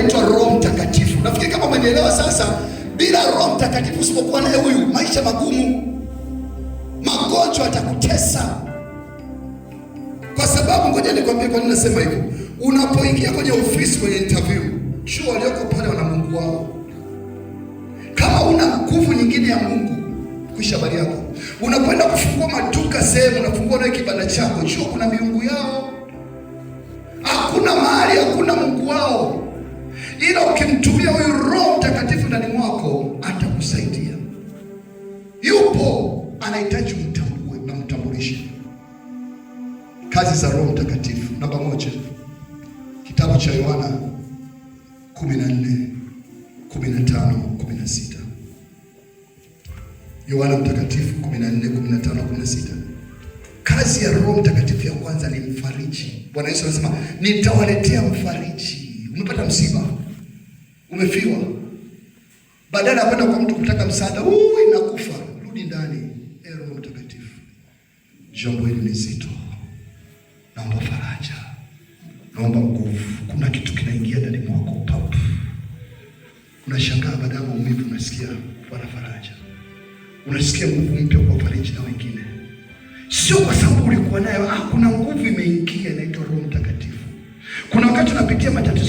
anaitwa Roho Mtakatifu. Nafikiri kama umenielewa sasa. Bila Roho Mtakatifu, usipokuwa naye huyu, maisha magumu, magonjwa atakutesa. Kwa sababu ngoja nikwambie kwa nini nasema hivyo. Unapoingia kwenye ofisi, kwenye interview, sure walioko pale wana Mungu wao. Kama una nguvu nyingine ya Mungu, kuisha habari yako. Unapoenda kufungua maduka sehemu, unafungua nayo kibanda chako, sure kuna miungu yao. Hakuna mahali hakuna Mungu wao ila ukimtumia huyu Roho Mtakatifu ndani mwako atakusaidia. Yupo, anahitaji mtambue na mtambulishe. Kazi za Roho Mtakatifu, namba moja, kitabu cha Yohana 14 15 16. Yohana Mtakatifu 14 15 16. Kazi ya Roho Mtakatifu ya kwanza ni mfariji. Bwana Yesu anasema nitawaletea mfariji. Umepata msiba umefiwa, badala ya kwenda kwa mtu kutaka msaada, uu, inakufa. Rudi ndani, ee Roho Mtakatifu, jambo hili ni zito, naomba faraja, naomba nguvu. Kuna kitu kinaingia ndani mwako, pap, unashangaa baada ya maumivu unasikia Bwana faraja, unasikia nguvu mpya kwa fariji na wengine, sio kwa sababu ulikuwa nayo. Ah, kuna nguvu imeingia inaitwa Roho Mtakatifu. Kuna wakati unapitia matatizo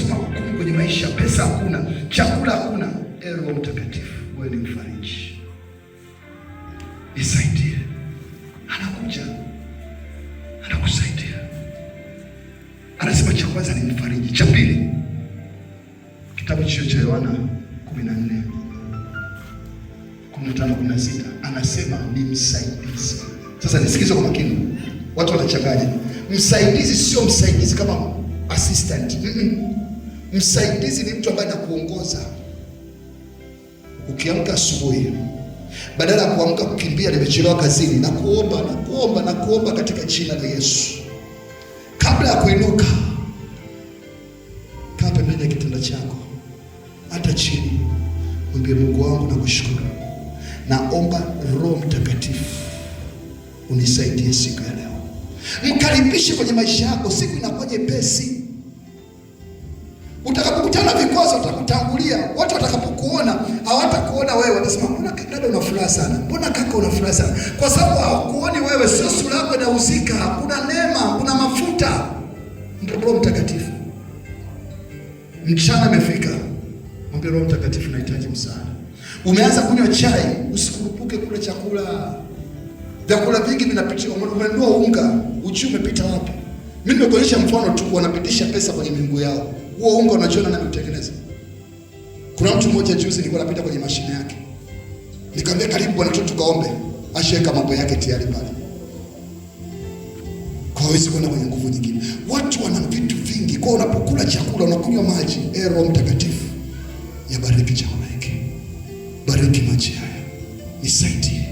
maisha, pesa hakuna, chakula hakuna. E Roho Mtakatifu, wewe ni mfariji, nisaidie. Anakuja anakusaidia, anasema cha kwanza ni mfariji, cha pili kitabu chio cha Yohana 14 15 16 anasema ni msaidizi. Sasa nisikize kwa makini, watu wanachanganya msaidizi. Sio msaidizi kama assistant. Mm -mm. Msaidizi ni mtu ambaye anakuongoza. Ukiamka asubuhi, badala ya kuamka kukimbia, nimechelewa kazini, na kuomba na kuomba na kuomba katika jina la Yesu, kabla ya kuinuka, kaa pembeni ya kitanda chako, hata chini, mwambie Mungu wangu, nakushukuru, naomba Roho Mtakatifu unisaidie siku ya leo, mkaribishe kwenye maisha yako. Siku inakuwa nyepesi utakutana vikwazo, utakutangulia Watu watakapokuona hawatakuona wewe, watasema mbona dada una furaha sana, mbona kaka una furaha sana, kwa sababu hawakuoni wewe, sio sura yako inahusika. Kuna neema, kuna mafuta, ndio Roho Mtakatifu. Mchana amefika, mwambie Roho Mtakatifu, nahitaji msaada. Umeanza kunywa chai, usikurupuke kula chakula. Vyakula vingi vinapita, umenunua unga, uchi umepita wapi? Mimi nimekuonyesha mfano tu, wanapitisha pesa kwenye miguu yao. Huo unga unachona na kutengeneza. Kuna mtu mmoja juzi nilikuwa napita kwenye mashine yake. Nikamwambia karibu bwana tu tukaombe. Ashaweka mambo yake tayari pale. Kwa hiyo kwenda kwenye nguvu nyingine. Watu wana vitu vingi. Kwa unapokula chakula, unakunywa maji, ee Roho Mtakatifu, yabariki chakula hiki. Bariki maji haya. Nisaidie.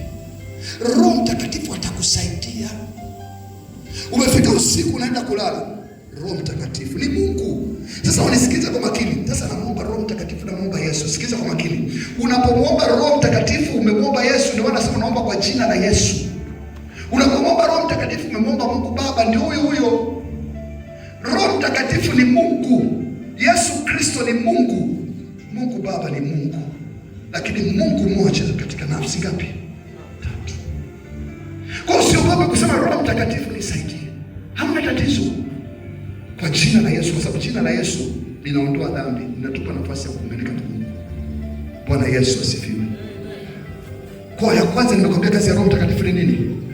Roho Mtakatifu atakusaidia. Umefika usiku unaenda kulala, Roho Mtakatifu ni Mungu. Sasa unisikiliza kwa makini. Sasa namuomba Roho Mtakatifu, namuomba Yesu. Sikiliza kwa makini, unapomwomba Roho Mtakatifu umemwomba Yesu. Ndio maana nasema naomba kwa jina la Yesu. Unapomwomba Roho Mtakatifu umemwomba Mungu Baba, ndio huyo huyo. Roho Mtakatifu ni Mungu, Yesu Kristo ni Mungu, Mungu Baba ni Mungu, lakini Mungu mmoja katika nafsi ngapi? kuomba kusema, Roho Mtakatifu nisaidie, hamna tatizo, kwa jina la Yesu, kwa sababu jina la Yesu linaondoa dhambi, linatupa nafasi ya kuunganika Mungu. Bwana Yesu asifiwe. Kwa ya kwanza nimekwambia kazi ya Roho Mtakatifu ni nini?